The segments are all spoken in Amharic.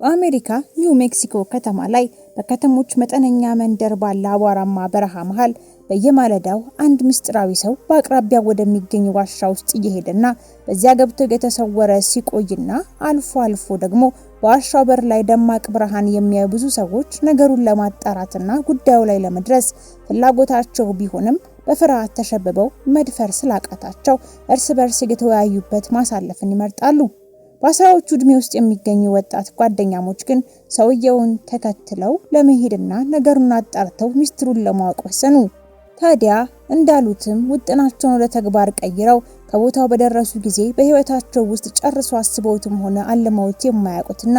በአሜሪካ ኒው ሜክሲኮ ከተማ ላይ በከተሞች መጠነኛ መንደር ባለ አቧራማ በረሃ መሃል በየማለዳው አንድ ምስጢራዊ ሰው በአቅራቢያ ወደሚገኝ ዋሻ ውስጥ እየሄደና በዚያ ገብቶ የተሰወረ ሲቆይና አልፎ አልፎ ደግሞ በዋሻው በር ላይ ደማቅ ብርሃን የሚያዩ ብዙ ሰዎች ነገሩን ለማጣራትና ጉዳዩ ላይ ለመድረስ ፍላጎታቸው ቢሆንም በፍርሃት ተሸብበው መድፈር ስላቃታቸው እርስ በርስ እየተወያዩበት ማሳለፍን ይመርጣሉ። በአስራዎቹ ዕድሜ ውስጥ የሚገኙ ወጣት ጓደኛሞች ግን ሰውየውን ተከትለው ለመሄድና ነገሩን አጣርተው ሚስትሩን ለማወቅ ወሰኑ። ታዲያ እንዳሉትም ውጥናቸውን ወደ ተግባር ቀይረው ከቦታው በደረሱ ጊዜ በህይወታቸው ውስጥ ጨርሶ አስበውትም ሆነ አልመውት የማያውቁትና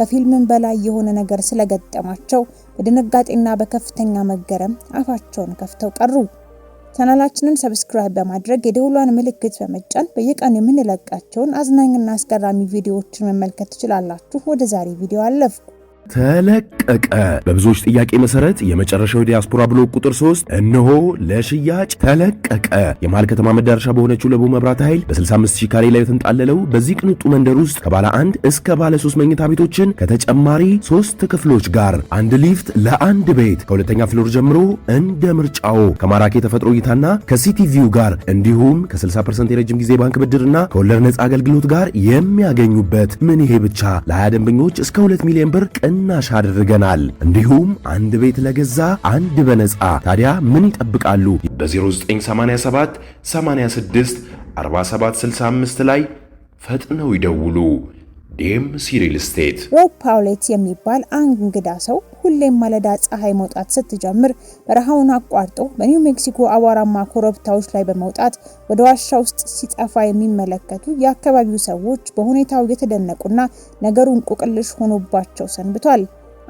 ከፊልምም በላይ የሆነ ነገር ስለገጠማቸው በድንጋጤና በከፍተኛ መገረም አፋቸውን ከፍተው ቀሩ። ቻናላችንን ሰብስክራይብ በማድረግ የደውሏን ምልክት በመጫን በየቀኑ የምንለቃቸውን አዝናኝና አስገራሚ ቪዲዮዎችን መመልከት ትችላላችሁ። ወደ ዛሬ ቪዲዮ አለፍኩ። ተለቀቀ። በብዙዎች ጥያቄ መሰረት የመጨረሻው ዲያስፖራ ብሎክ ቁጥር 3 እነሆ ለሽያጭ ተለቀቀ። የመሃል ከተማ መዳረሻ በሆነችው ለቡ መብራት ኃይል በ ሺህ ካሬ ላይ የተንጣለለው በዚህ ቅንጡ መንደር ውስጥ ከባለ አንድ እስከ ባለ 3 መኝታ ቤቶችን ከተጨማሪ ሶስት ክፍሎች ጋር አንድ ሊፍት ለአንድ ቤት ከሁለተኛ ፍሎር ጀምሮ እንደ ምርጫው ከማራኪ የተፈጥሮ እይታና ከሲቲቪው ጋር እንዲሁም ከ60% የረጅም ጊዜ ባንክ ብድርና ከወለድ ነጻ አገልግሎት ጋር የሚያገኙበት ምን ይሄ ብቻ ለሀያ ደንበኞች እስከ 2 ሚሊዮን ብር ቅን ቅናሽ አድርገናል። እንዲሁም አንድ ቤት ለገዛ አንድ በነጻ ታዲያ ምን ይጠብቃሉ? በ0987 86 4765 ላይ ፈጥነው ይደውሉ። ዲም ሲሪል ስቴት ሮብ ፓውሌት የሚባል እንግዳ ሰው ሁሌም ማለዳ ፀሐይ መውጣት ስትጀምር በረሃውን አቋርጦ በኒው ሜክሲኮ አቧራማ ኮረብታዎች ላይ በመውጣት ወደ ዋሻ ውስጥ ሲጠፋ የሚመለከቱ የአካባቢው ሰዎች በሁኔታው የተደነቁና ነገሩን ቁቅልሽ ሆኖባቸው ሰንብቷል።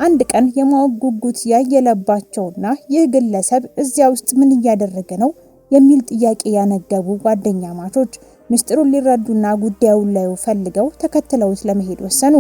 አንድ ቀን የማወቅ ጉጉት ያየለባቸውና ይህ ግለሰብ እዚያ ውስጥ ምን እያደረገ ነው የሚል ጥያቄ ያነገቡ ጓደኛ ማቾች ምስጢሩን ሊረዱና ጉዳዩን ላዩ ፈልገው ተከትለውት ለመሄድ ወሰኑ።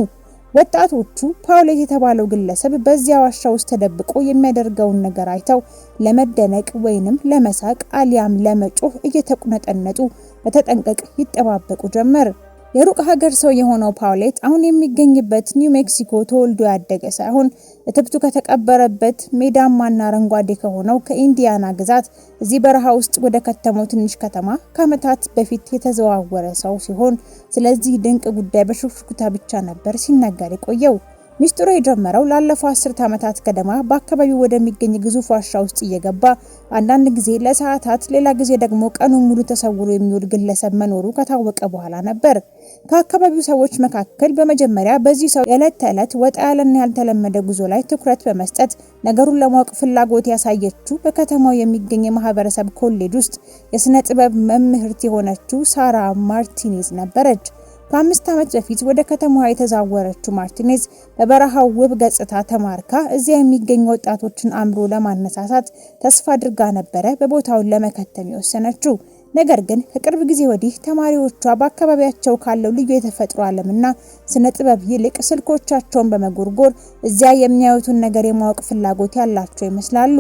ወጣቶቹ ፓውሌት የተባለው ግለሰብ በዚያ ዋሻ ውስጥ ተደብቆ የሚያደርገውን ነገር አይተው ለመደነቅ ወይንም ለመሳቅ አሊያም ለመጮህ እየተቁነጠነጡ በተጠንቀቅ ይጠባበቁ ጀመር። የሩቅ ሀገር ሰው የሆነው ፓውሌት አሁን የሚገኝበት ኒው ሜክሲኮ ተወልዶ ያደገ ሳይሆን እትብቱ ከተቀበረበት ሜዳማና አረንጓዴ ከሆነው ከኢንዲያና ግዛት እዚህ በረሃ ውስጥ ወደ ከተመው ትንሽ ከተማ ከዓመታት በፊት የተዘዋወረ ሰው ሲሆን ስለዚህ ድንቅ ጉዳይ በሹክሹክታ ብቻ ነበር ሲነገር የቆየው። ሚስጢሩ የጀመረው ላለፈው አስርት ዓመታት ገደማ በአካባቢው ወደሚገኝ ግዙፍ ዋሻ ውስጥ እየገባ አንዳንድ ጊዜ ለሰዓታት ሌላ ጊዜ ደግሞ ቀኑን ሙሉ ተሰውሮ የሚውል ግለሰብ መኖሩ ከታወቀ በኋላ ነበር። ከአካባቢው ሰዎች መካከል በመጀመሪያ በዚህ ሰው የዕለት ተዕለት ወጣ ያለና ያልተለመደ ጉዞ ላይ ትኩረት በመስጠት ነገሩን ለማወቅ ፍላጎት ያሳየችው በከተማው የሚገኝ የማህበረሰብ ኮሌጅ ውስጥ የሥነ ጥበብ መምህርት የሆነችው ሳራ ማርቲኔዝ ነበረች። ከአምስት ዓመት በፊት ወደ ከተማዋ የተዛወረችው ማርቲኔዝ በበረሃው ውብ ገጽታ ተማርካ እዚያ የሚገኙ ወጣቶችን አእምሮ ለማነሳሳት ተስፋ አድርጋ ነበረ በቦታውን ለመከተም የወሰነችው። ነገር ግን ከቅርብ ጊዜ ወዲህ ተማሪዎቿ በአካባቢያቸው ካለው ልዩ የተፈጥሮ ዓለምና ስነ ጥበብ ይልቅ ስልኮቻቸውን በመጎርጎር እዚያ የሚያዩትን ነገር የማወቅ ፍላጎት ያላቸው ይመስላሉ።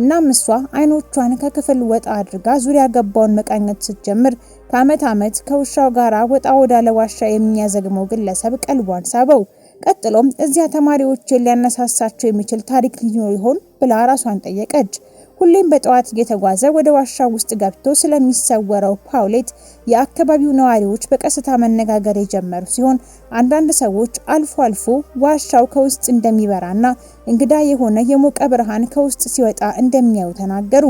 እናም እሷ አይኖቿን ከክፍል ወጣ አድርጋ ዙሪያ ገባውን መቃኘት ስትጀምር ከአመት ዓመት ከውሻው ጋር ወጣ ወዳለ ዋሻ የሚያዘግመው ግለሰብ ቀልቧን ሳበው። ቀጥሎም እዚያ ተማሪዎችን ሊያነሳሳቸው የሚችል ታሪክ ሊኖር ይሆን ብላ ራሷን ጠየቀች። ሁሌም በጠዋት እየተጓዘ ወደ ዋሻ ውስጥ ገብቶ ስለሚሰወረው ፓውሌት የአካባቢው ነዋሪዎች በቀስታ መነጋገር የጀመሩ ሲሆን አንዳንድ ሰዎች አልፎ አልፎ ዋሻው ከውስጥ እንደሚበራና እንግዳ የሆነ የሞቀ ብርሃን ከውስጥ ሲወጣ እንደሚያዩ ተናገሩ።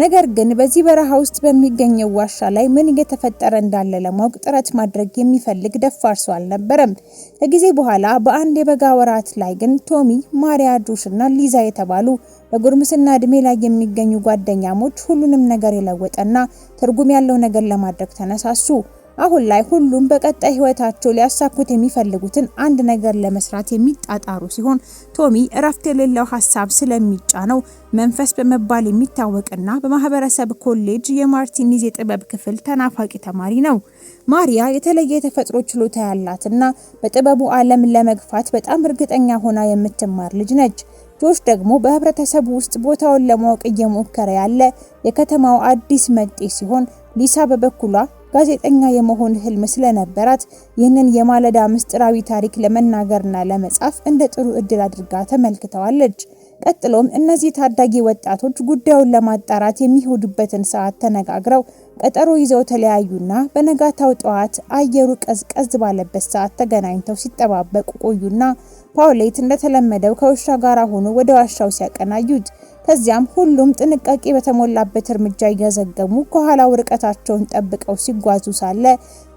ነገር ግን በዚህ በረሃ ውስጥ በሚገኘው ዋሻ ላይ ምን እየተፈጠረ እንዳለ ለማወቅ ጥረት ማድረግ የሚፈልግ ደፋር ሰው አልነበረም። ከጊዜ በኋላ በአንድ የበጋ ወራት ላይ ግን ቶሚ፣ ማሪያ ዱሽ እና ሊዛ የተባሉ በጉርምስና እድሜ ላይ የሚገኙ ጓደኛሞች ሁሉንም ነገር የለወጠና ትርጉም ያለው ነገር ለማድረግ ተነሳሱ። አሁን ላይ ሁሉም በቀጣይ ህይወታቸው ሊያሳኩት የሚፈልጉትን አንድ ነገር ለመስራት የሚጣጣሩ ሲሆን ቶሚ እረፍት የሌለው ሀሳብ ስለሚጫነው መንፈስ በመባል የሚታወቅና በማህበረሰብ ኮሌጅ የማርቲኒዝ የጥበብ ክፍል ተናፋቂ ተማሪ ነው። ማሪያ የተለየ የተፈጥሮ ችሎታ ያላትና በጥበቡ ዓለም ለመግፋት በጣም እርግጠኛ ሆና የምትማር ልጅ ነች። ጆሽ ደግሞ በህብረተሰቡ ውስጥ ቦታውን ለማወቅ እየሞከረ ያለ የከተማው አዲስ መጤ ሲሆን ሊሳ በበኩሏ ጋዜጠኛ የመሆን ህልም ስለነበራት ይህንን የማለዳ ምስጢራዊ ታሪክ ለመናገርና ለመጻፍ እንደ ጥሩ እድል አድርጋ ተመልክተዋለች። ቀጥሎም እነዚህ ታዳጊ ወጣቶች ጉዳዩን ለማጣራት የሚሄዱበትን ሰዓት ተነጋግረው ቀጠሮ ይዘው ተለያዩና በነጋታው ጠዋት አየሩ ቀዝቀዝ ባለበት ሰዓት ተገናኝተው ሲጠባበቁ ቆዩና ፓውሌት እንደተለመደው ከውሻ ጋር ሆኖ ወደ ዋሻው ሲያቀናዩት ከዚያም ሁሉም ጥንቃቄ በተሞላበት እርምጃ እያዘገሙ ከኋላው ርቀታቸውን ጠብቀው ሲጓዙ ሳለ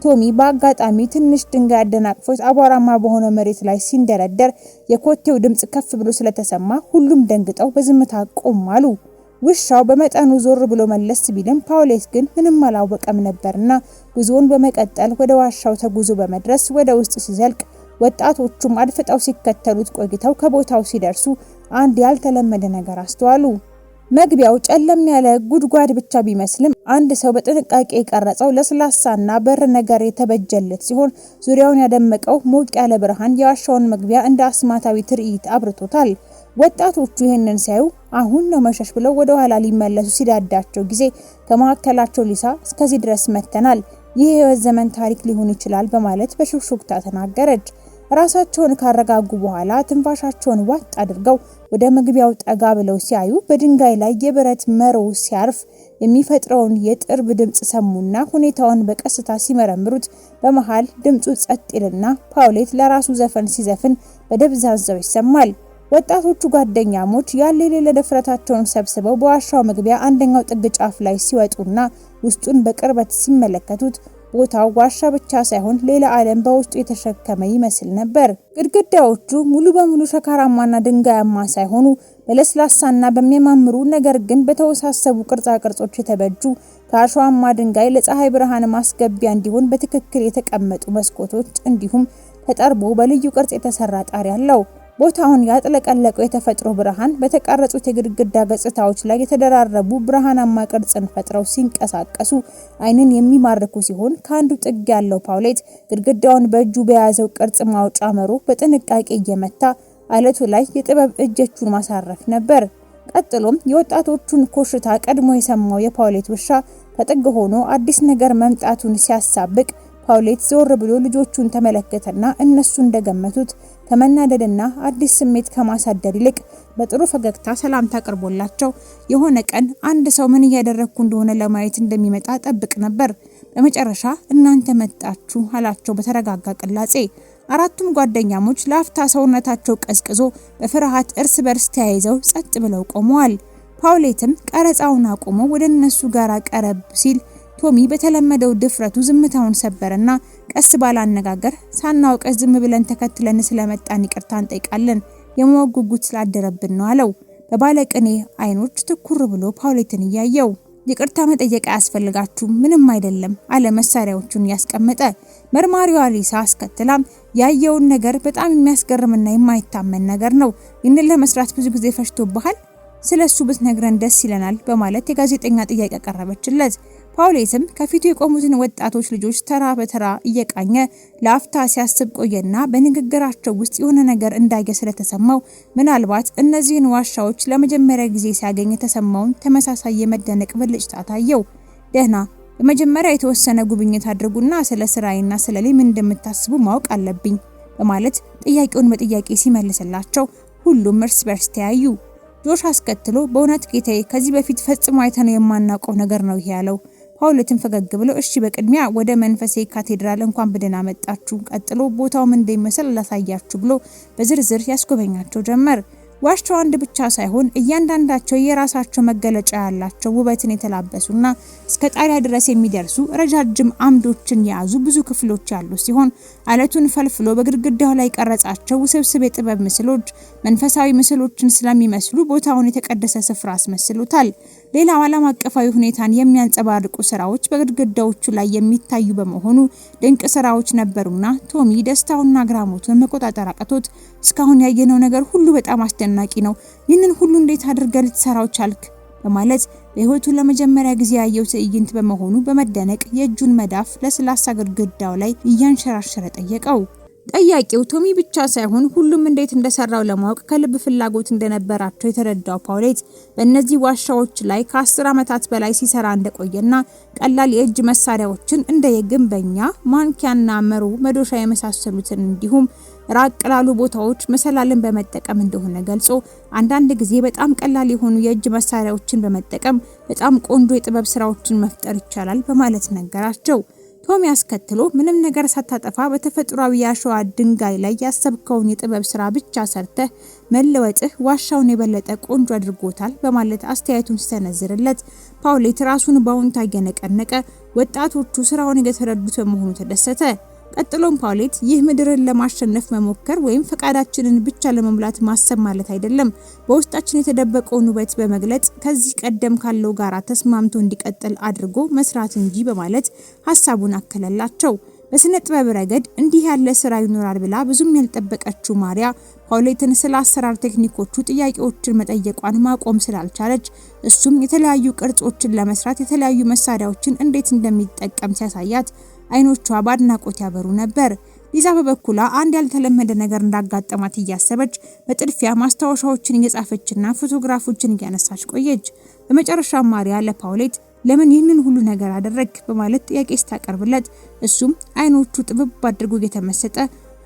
ቶሚ በአጋጣሚ ትንሽ ድንጋይ አደናቅፎት አቧራማ በሆነ መሬት ላይ ሲንደረደር የኮቴው ድምፅ ከፍ ብሎ ስለተሰማ ሁሉም ደንግጠው በዝምታ ቆም አሉ። ውሻው በመጠኑ ዞር ብሎ መለስ ቢልም ፓውሌት ግን ምንም አላወቀም ነበርና ጉዞውን በመቀጠል ወደ ዋሻው ተጉዞ በመድረስ ወደ ውስጥ ሲዘልቅ ወጣቶቹም አድፍጠው ሲከተሉት ቆይተው ከቦታው ሲደርሱ አንድ ያልተለመደ ነገር አስተዋሉ። መግቢያው ጨለም ያለ ጉድጓድ ብቻ ቢመስልም አንድ ሰው በጥንቃቄ የቀረጸው ለስላሳና በር ነገር የተበጀለት ሲሆን ዙሪያውን ያደመቀው ሞቅ ያለ ብርሃን የዋሻውን መግቢያ እንደ አስማታዊ ትርኢት አብርቶታል። ወጣቶቹ ይህንን ሲያዩ አሁን ነው መሸሽ ብለው ወደ ኋላ ሊመለሱ ሲዳዳቸው ጊዜ ከመካከላቸው ሊሳ እስከዚህ ድረስ መጥተናል፣ ይህ የህይወት ዘመን ታሪክ ሊሆን ይችላል በማለት በሹክሹክታ ተናገረች። ራሳቸውን ካረጋጉ በኋላ ትንፋሻቸውን ዋጥ አድርገው ወደ መግቢያው ጠጋ ብለው ሲያዩ በድንጋይ ላይ የብረት መሮ ሲያርፍ የሚፈጥረውን የጥርብ ድምፅ ሰሙና ሁኔታውን በቀስታ ሲመረምሩት በመሃል ድምፁ ጸጥ ይልና ፓውሌት ለራሱ ዘፈን ሲዘፍን በደብዛዛው ይሰማል። ወጣቶቹ ጓደኛሞች ያለ የሌለ ድፍረታቸውን ሰብስበው በዋሻው መግቢያ አንደኛው ጥግ ጫፍ ላይ ሲወጡና ውስጡን በቅርበት ሲመለከቱት ቦታው ዋሻ ብቻ ሳይሆን ሌላ ዓለም በውስጡ የተሸከመ ይመስል ነበር። ግድግዳዎቹ ሙሉ በሙሉ ሸካራማና ድንጋያማ ሳይሆኑ በለስላሳና በሚያማምሩ ነገር ግን በተወሳሰቡ ቅርጻ ቅርጾች የተበጁ ከአሸዋማ ድንጋይ ለፀሐይ ብርሃን ማስገቢያ እንዲሆን በትክክል የተቀመጡ መስኮቶች እንዲሁም ተጠርቦ በልዩ ቅርጽ የተሰራ ጣሪያ አለው። ቦታውን ያጥለቀለቀው የተፈጥሮ ብርሃን በተቀረጹት የግድግዳ ገጽታዎች ላይ የተደራረቡ ብርሃናማ ቅርጽን ፈጥረው ሲንቀሳቀሱ አይንን የሚማርኩ ሲሆን ከአንዱ ጥግ ያለው ፓውሌት ግድግዳውን በእጁ በያዘው ቅርጽ ማውጫ መሮ በጥንቃቄ እየመታ አለቱ ላይ የጥበብ እጆቹን ማሳረፍ ነበር። ቀጥሎም የወጣቶቹን ኮሽታ ቀድሞ የሰማው የፓውሌት ውሻ ከጥግ ሆኖ አዲስ ነገር መምጣቱን ሲያሳብቅ ፓውሌት ዞር ብሎ ልጆቹን ተመለከተና እነሱ እንደገመቱት ከመናደድና አዲስ ስሜት ከማሳደር ይልቅ በጥሩ ፈገግታ ሰላምታ አቅርቦላቸው የሆነ ቀን አንድ ሰው ምን እያደረግኩ እንደሆነ ለማየት እንደሚመጣ ጠብቅ ነበር። በመጨረሻ እናንተ መጣችሁ አላቸው በተረጋጋ ቅላጼ። አራቱም ጓደኛሞች ለአፍታ ሰውነታቸው ቀዝቅዞ በፍርሃት እርስ በርስ ተያይዘው ጸጥ ብለው ቆመዋል። ፓውሌትም ቀረጻውን አቁሞ ወደ እነሱ ጋር ቀረብ ሲል ቶሚ በተለመደው ድፍረቱ ዝምታውን ሰበረና ቀስ ባለ አነጋገር ሳናውቀ ዝም ብለን ተከትለን ስለመጣን ይቅርታ እንጠይቃለን፣ የማወቅ ጉጉት ስላደረብን ነው አለው። በባለቅኔ አይኖች ትኩር ብሎ ፓውሌትን እያየው ይቅርታ መጠየቅ አያስፈልጋችሁም፣ ምንም አይደለም አለ መሳሪያዎቹን ያስቀመጠ። መርማሪዋ ሊሳ አስከትላም ያየውን ነገር በጣም የሚያስገርምና የማይታመን ነገር ነው። ይህንን ለመስራት ብዙ ጊዜ ፈጅቶብሃል፣ ስለ እሱ ብትነግረን ደስ ይለናል በማለት የጋዜጠኛ ጥያቄ ያቀረበችለት ፓውሌትም ከፊቱ የቆሙትን ወጣቶች ልጆች ተራ በተራ እየቃኘ ለአፍታ ሲያስብ ቆየና በንግግራቸው ውስጥ የሆነ ነገር እንዳየ ስለተሰማው ምናልባት እነዚህን ዋሻዎች ለመጀመሪያ ጊዜ ሲያገኝ የተሰማውን ተመሳሳይ የመደነቅ ብልጭታ ታየው። ደህና በመጀመሪያ የተወሰነ ጉብኝት አድርጉና ስለ ስራዬና ስለ እኔ ምን እንደምታስቡ ማወቅ አለብኝ በማለት ጥያቄውን በጥያቄ ሲመልስላቸው ሁሉም እርስ በርስ ተያዩ። ጆሽ አስከትሎ በእውነት ጌታዬ፣ ከዚህ በፊት ፈጽሞ አይተነው የማናውቀው ነገር ነው ይሄ ያለው ፓውሎትን ፈገግ ብሎ እሺ፣ በቅድሚያ ወደ መንፈሴ ካቴድራል እንኳን በደህና መጣችሁ፣ ቀጥሎ ቦታው ምን እንደሚመስል ላሳያችሁ ብሎ በዝርዝር ያስጎበኛቸው ጀመር። ዋሻው አንድ ብቻ ሳይሆን እያንዳንዳቸው የራሳቸው መገለጫ ያላቸው ውበትን የተላበሱና እስከ ጣሪያ ድረስ የሚደርሱ ረጃጅም አምዶችን የያዙ ብዙ ክፍሎች ያሉ ሲሆን አለቱን ፈልፍሎ በግድግዳው ላይ ቀረጻቸው ውስብስብ የጥበብ ምስሎች መንፈሳዊ ምስሎችን ስለሚመስሉ ቦታውን የተቀደሰ ስፍራ አስመስሎታል። ሌላው ዓለም አቀፋዊ ሁኔታን የሚያንጸባርቁ ስራዎች በግድግዳዎቹ ላይ የሚታዩ በመሆኑ ድንቅ ስራዎች ነበሩና ቶሚ ደስታውና ግራሞቱን መቆጣጠር አቅቶት እስካሁን ያየነው ነገር ሁሉ በጣም አስደናቂ ነው፣ ይህንን ሁሉ እንዴት አድርገ ልትሰራው ቻልክ? በማለት በህይወቱ ለመጀመሪያ ጊዜ ያየው ትዕይንት በመሆኑ በመደነቅ የእጁን መዳፍ ለስላሳ ግድግዳው ላይ እያንሸራሸረ ጠየቀው። ጠያቂው ቶሚ ብቻ ሳይሆን ሁሉም እንዴት እንደሰራው ለማወቅ ከልብ ፍላጎት እንደነበራቸው የተረዳው ፓውሌት በእነዚህ ዋሻዎች ላይ ከአስር ዓመታት በላይ ሲሰራ እንደቆየና ቀላል የእጅ መሳሪያዎችን እንደ የግንበኛ ማንኪያና መሮ፣ መዶሻ የመሳሰሉትን እንዲሁም ራቅ ላሉ ቦታዎች መሰላልን በመጠቀም እንደሆነ ገልጾ አንዳንድ ጊዜ በጣም ቀላል የሆኑ የእጅ መሳሪያዎችን በመጠቀም በጣም ቆንጆ የጥበብ ስራዎችን መፍጠር ይቻላል በማለት ነገራቸው። ቶም ያስከትሎ ምንም ነገር ሳታጠፋ በተፈጥሯዊ የአሸዋ ድንጋይ ላይ ያሰብከውን የጥበብ ስራ ብቻ ሰርተህ መለወጥህ ዋሻውን የበለጠ ቆንጆ አድርጎታል በማለት አስተያየቱን ሲሰነዝርለት፣ ፓውሌት ራሱን በአዎንታ እየነቀነቀ ወጣቶቹ ስራውን እየተረዱት በመሆኑ ተደሰተ። ቀጥሎም ፓውሌት ይህ ምድርን ለማሸነፍ መሞከር ወይም ፈቃዳችንን ብቻ ለመሙላት ማሰብ ማለት አይደለም፣ በውስጣችን የተደበቀውን ውበት በመግለጽ ከዚህ ቀደም ካለው ጋራ ተስማምቶ እንዲቀጥል አድርጎ መስራት እንጂ በማለት ሀሳቡን አከለላቸው። በስነ ጥበብ ረገድ እንዲህ ያለ ስራ ይኖራል ብላ ብዙም ያልጠበቀችው ማሪያ ፓውሌትን ስለ አሰራር ቴክኒኮቹ ጥያቄዎችን መጠየቋን ማቆም ስላልቻለች እሱም የተለያዩ ቅርጾችን ለመስራት የተለያዩ መሳሪያዎችን እንዴት እንደሚጠቀም ሲያሳያት አይኖቿ በአድናቆት ያበሩ ነበር። ሊዛ በበኩሏ አንድ ያልተለመደ ነገር እንዳጋጠማት እያሰበች በጥድፊያ ማስታወሻዎችን እየጻፈችና ፎቶግራፎችን እያነሳች ቆየች። በመጨረሻ ማሪያ ለፓውሌት ለምን ይህንን ሁሉ ነገር አደረግ በማለት ጥያቄ ስታቀርብለት እሱም አይኖቹ ጥብብ አድርጎ እየተመሰጠ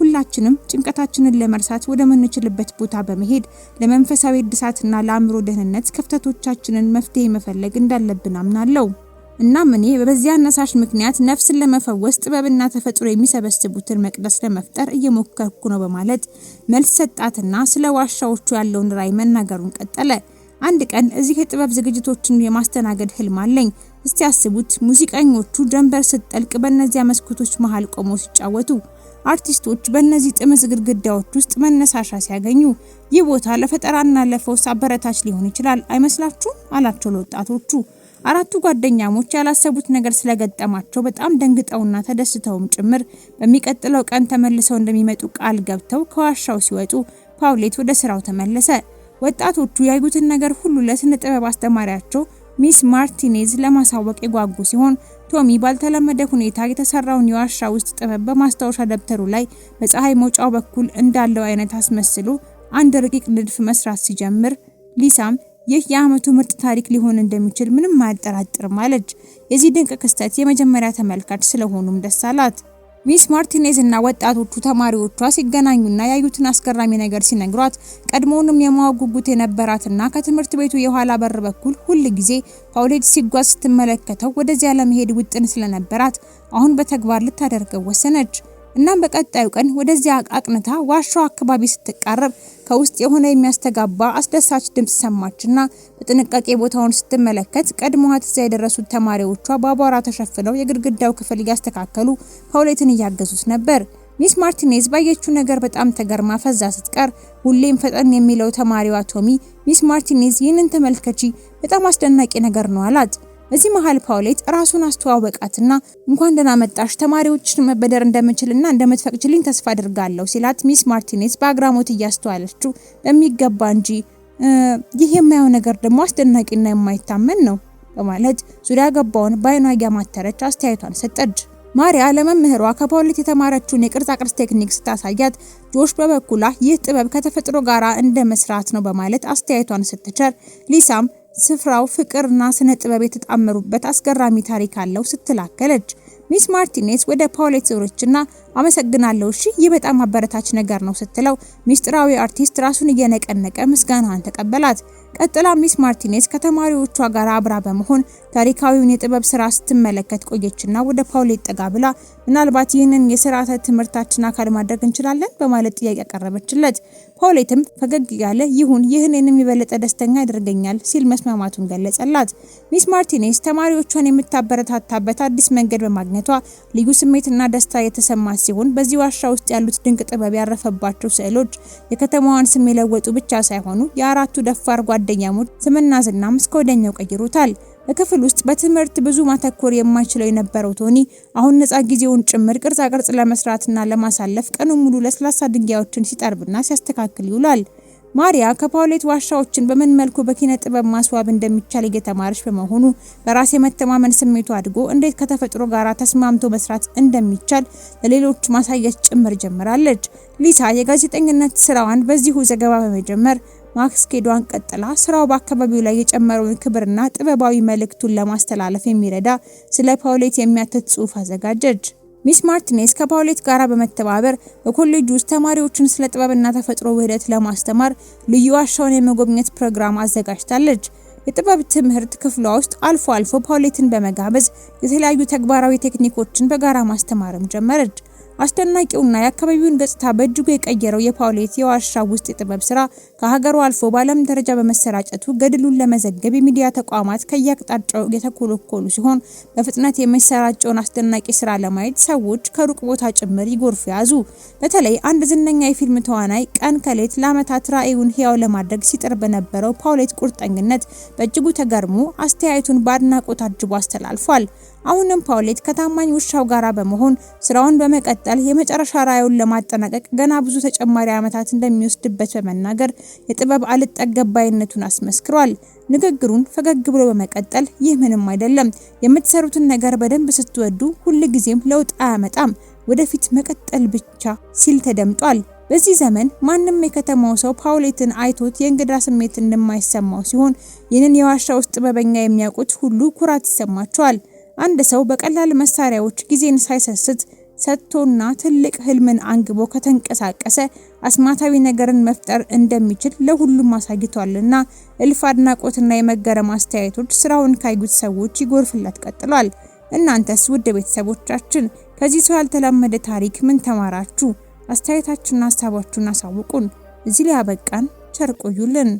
ሁላችንም ጭንቀታችንን ለመርሳት ወደምንችልበት ቦታ በመሄድ ለመንፈሳዊ እድሳትና ለአእምሮ ደህንነት ክፍተቶቻችንን መፍትሄ መፈለግ እንዳለብን አምናለሁ እናም እኔ በዚህ አነሳሽ ምክንያት ነፍስን ለመፈወስ ጥበብና ተፈጥሮ የሚሰበስቡትን መቅደስ ለመፍጠር እየሞከርኩ ነው በማለት መልስ ሰጣትና ስለ ዋሻዎቹ ያለውን ራዕይ መናገሩን ቀጠለ። አንድ ቀን እዚህ የጥበብ ዝግጅቶችን የማስተናገድ ህልም አለኝ። እስቲ ያስቡት፣ ሙዚቀኞቹ ጀንበር ስትጠልቅ በእነዚያ መስኮቶች መሃል ቆመው ሲጫወቱ፣ አርቲስቶች በእነዚህ ጥምዝ ግድግዳዎች ውስጥ መነሳሻ ሲያገኙ፣ ይህ ቦታ ለፈጠራና ለፈውስ አበረታች ሊሆን ይችላል አይመስላችሁም? አላቸው ለወጣቶቹ። አራቱ ጓደኛሞች ያላሰቡት ነገር ስለገጠማቸው በጣም ደንግጠውና ተደስተውም ጭምር በሚቀጥለው ቀን ተመልሰው እንደሚመጡ ቃል ገብተው ከዋሻው ሲወጡ ፓውሌት ወደ ስራው ተመለሰ። ወጣቶቹ ያዩትን ነገር ሁሉ ለስነ ጥበብ አስተማሪያቸው ሚስ ማርቲኔዝ ለማሳወቅ የጓጉ ሲሆን ቶሚ ባልተለመደ ሁኔታ የተሰራውን የዋሻ ውስጥ ጥበብ በማስታወሻ ደብተሩ ላይ በፀሐይ መውጫው በኩል እንዳለው አይነት አስመስሎ አንድ ረቂቅ ንድፍ መስራት ሲጀምር ሊሳም ይህ የአመቱ ምርጥ ታሪክ ሊሆን እንደሚችል ምንም አያጠራጥርም አለች። የዚህ ድንቅ ክስተት የመጀመሪያ ተመልካች ስለሆኑም ደስ አላት። ሚስ ማርቲኔዝ እና ወጣቶቹ ተማሪዎቿ ሲገናኙና ያዩትን አስገራሚ ነገር ሲነግሯት ቀድሞውንም የማወቅ ጉጉት የነበራትና ከትምህርት ቤቱ የኋላ በር በኩል ሁል ጊዜ ኮሌጅ ሲጓዝ ስትመለከተው ወደዚያ ለመሄድ ውጥን ስለነበራት አሁን በተግባር ልታደርገው ወሰነች። እናም በቀጣዩ ቀን ወደዚያ አቅንታ ዋሻው አካባቢ ስትቃረብ ከውስጥ የሆነ የሚያስተጋባ አስደሳች ድምፅ ሰማችና በጥንቃቄ ቦታውን ስትመለከት ቀድሞዋት እዚያ የደረሱት ተማሪዎቿ በአቧራ ተሸፍነው የግድግዳው ክፍል እያስተካከሉ ፓውሌትን እያገዙት ነበር። ሚስ ማርቲኔዝ ባየችው ነገር በጣም ተገርማ ፈዛ ስትቀር ሁሌም ፈጠን የሚለው ተማሪዋ ቶሚ ሚስ ማርቲኔዝ ይህንን ተመልከቺ፣ በጣም አስደናቂ ነገር ነው አላት። በዚህ መሀል ፓውሌት ራሱን አስተዋወቃትና እንኳን ደህና መጣሽ ተማሪዎችን መበደር እንደምችልና እንደምትፈቅጅልኝ ተስፋ አድርጋለሁ ሲላት ሚስ ማርቲኔዝ በአግራሞት እያስተዋለችው በሚገባ እንጂ ይህ የማየው ነገር ደግሞ አስደናቂና የማይታመን ነው በማለት ዙሪያ ገባውን በአይኗ እያማተረች አስተያየቷን ሰጠች። ማሪያ ለመምህሯ ከፓውሌት የተማረችውን የቅርጻቅርስ ቴክኒክ ስታሳያት፣ ጆሽ በበኩላ ይህ ጥበብ ከተፈጥሮ ጋር እንደ መስራት ነው በማለት አስተያየቷን ስትቸር፣ ሊሳም ስፍራው ፍቅርና ስነ ጥበብ የተጣመሩበት አስገራሚ ታሪክ አለው ስትላከለች ሚስ ማርቲኔስ ወደ ፓውሌት ዞረችና አመሰግናለሁ፣ እሺ ይህ በጣም አበረታች ነገር ነው ስትለው ሚስጥራዊ አርቲስት ራሱን እየነቀነቀ ምስጋናዋን ተቀበላት። ቀጥላ ሚስ ማርቲኔስ ከተማሪዎቿ ጋር አብራ በመሆን ታሪካዊውን የጥበብ ስራ ስትመለከት ቆየችና ወደ ፓውሌት ጠጋ ብላ ምናልባት ይህንን የስርዓተ ትምህርታችን አካል ማድረግ እንችላለን በማለት ጥያቄ ያቀረበችለት ፓውሌትም ፈገግ ያለ ይሁን ይህንንም የበለጠ ደስተኛ ያደርገኛል ሲል መስማማቱን ገለጸላት። ሚስ ማርቲኔስ ተማሪዎቿን የምታበረታታበት አዲስ መንገድ በማግኘቷ ልዩ ስሜትና ደስታ የተሰማ ሲሆን በዚህ ዋሻ ውስጥ ያሉት ድንቅ ጥበብ ያረፈባቸው ስዕሎች የከተማዋን ስም የለወጡ ብቻ ሳይሆኑ የአራቱ ደፋር ጓደኛሞች ስምና ዝናም እስከ ወደኛው ቀይሮታል። በክፍል ውስጥ በትምህርት ብዙ ማተኮር የማይችለው የነበረው ቶኒ አሁን ነፃ ጊዜውን ጭምር ቅርጻ ቅርጽ ለመስራትና ለማሳለፍ ቀኑ ሙሉ ለስላሳ ድንጋዮችን ሲጠርብና ሲያስተካክል ይውላል። ማሪያ ከፓውሌት ዋሻዎችን በምን መልኩ በኪነ ጥበብ ማስዋብ እንደሚቻል እየተማረች በመሆኑ በራስ የመተማመን ስሜቱ አድጎ እንዴት ከተፈጥሮ ጋር ተስማምቶ መስራት እንደሚቻል ለሌሎች ማሳየት ጭምር ጀምራለች። ሊሳ የጋዜጠኝነት ስራዋን በዚሁ ዘገባ በመጀመር ማስኬዷን ቀጥላ ስራው በአካባቢው ላይ የጨመረውን ክብርና ጥበባዊ መልእክቱን ለማስተላለፍ የሚረዳ ስለ ፓውሌት የሚያትት ጽሑፍ አዘጋጀች። ሚስ ማርቲኔስ ከፓውሌት ጋር በመተባበር በኮሌጅ ውስጥ ተማሪዎችን ስለ ጥበብና ተፈጥሮ ውህደት ለማስተማር ልዩ ዋሻውን የመጎብኘት ፕሮግራም አዘጋጅታለች። የጥበብ ትምህርት ክፍሏ ውስጥ አልፎ አልፎ ፓውሌትን በመጋበዝ የተለያዩ ተግባራዊ ቴክኒኮችን በጋራ ማስተማርም ጀመረች። አስደናቂውና የአካባቢውን ገጽታ በእጅጉ የቀየረው የፓውሌት የዋሻ ውስጥ የጥበብ ስራ ከሀገሩ አልፎ በዓለም ደረጃ በመሰራጨቱ ገድሉን ለመዘገብ የሚዲያ ተቋማት ከየአቅጣጫው የተኮለኮሉ ሲሆን በፍጥነት የሚሰራጨውን አስደናቂ ስራ ለማየት ሰዎች ከሩቅ ቦታ ጭምር ይጎርፍ ያዙ። በተለይ አንድ ዝነኛ የፊልም ተዋናይ ቀን ከሌት ለአመታት ራዕዩን ህያው ለማድረግ ሲጥር በነበረው ፓውሌት ቁርጠኝነት በእጅጉ ተገርሞ አስተያየቱን በአድናቆት አጅቦ አስተላልፏል። አሁንም ፓውሌት ከታማኝ ውሻው ጋራ በመሆን ስራውን በመቀጠል የመጨረሻ ራዩን ለማጠናቀቅ ገና ብዙ ተጨማሪ ዓመታት እንደሚወስድበት በመናገር የጥበብ አልጠገብ አስመስክሯል። ንግግሩን ፈገግ ብሎ በመቀጠል ይህ ምንም አይደለም፣ የምትሰሩትን ነገር በደንብ ስትወዱ ሁል ጊዜም ለውጥ አያመጣም፣ ወደፊት መቀጠል ብቻ ሲል ተደምጧል። በዚህ ዘመን ማንም የከተማው ሰው ፓውሌትን አይቶት የእንግዳ ስሜት እንደማይሰማው ሲሆን ይህንን የዋሻ ውስጥ ጥበበኛ የሚያውቁት ሁሉ ኩራት ይሰማቸዋል። አንድ ሰው በቀላል መሳሪያዎች ጊዜን ሳይሰስት ሰጥቶና ትልቅ ህልምን አንግቦ ከተንቀሳቀሰ አስማታዊ ነገርን መፍጠር እንደሚችል ለሁሉም አሳይቷልና እልፍ አድናቆትና የመገረም አስተያየቶች ስራውን ካዩት ሰዎች ይጎርፍለት ቀጥሏል። እናንተስ ውድ ቤተሰቦቻችን ከዚህ ሰው ያልተላመደ ታሪክ ምን ተማራችሁ? አስተያየታችሁና ሀሳባችሁን አሳውቁን። እዚህ ላይ አበቃን። ቸር ቆዩልን።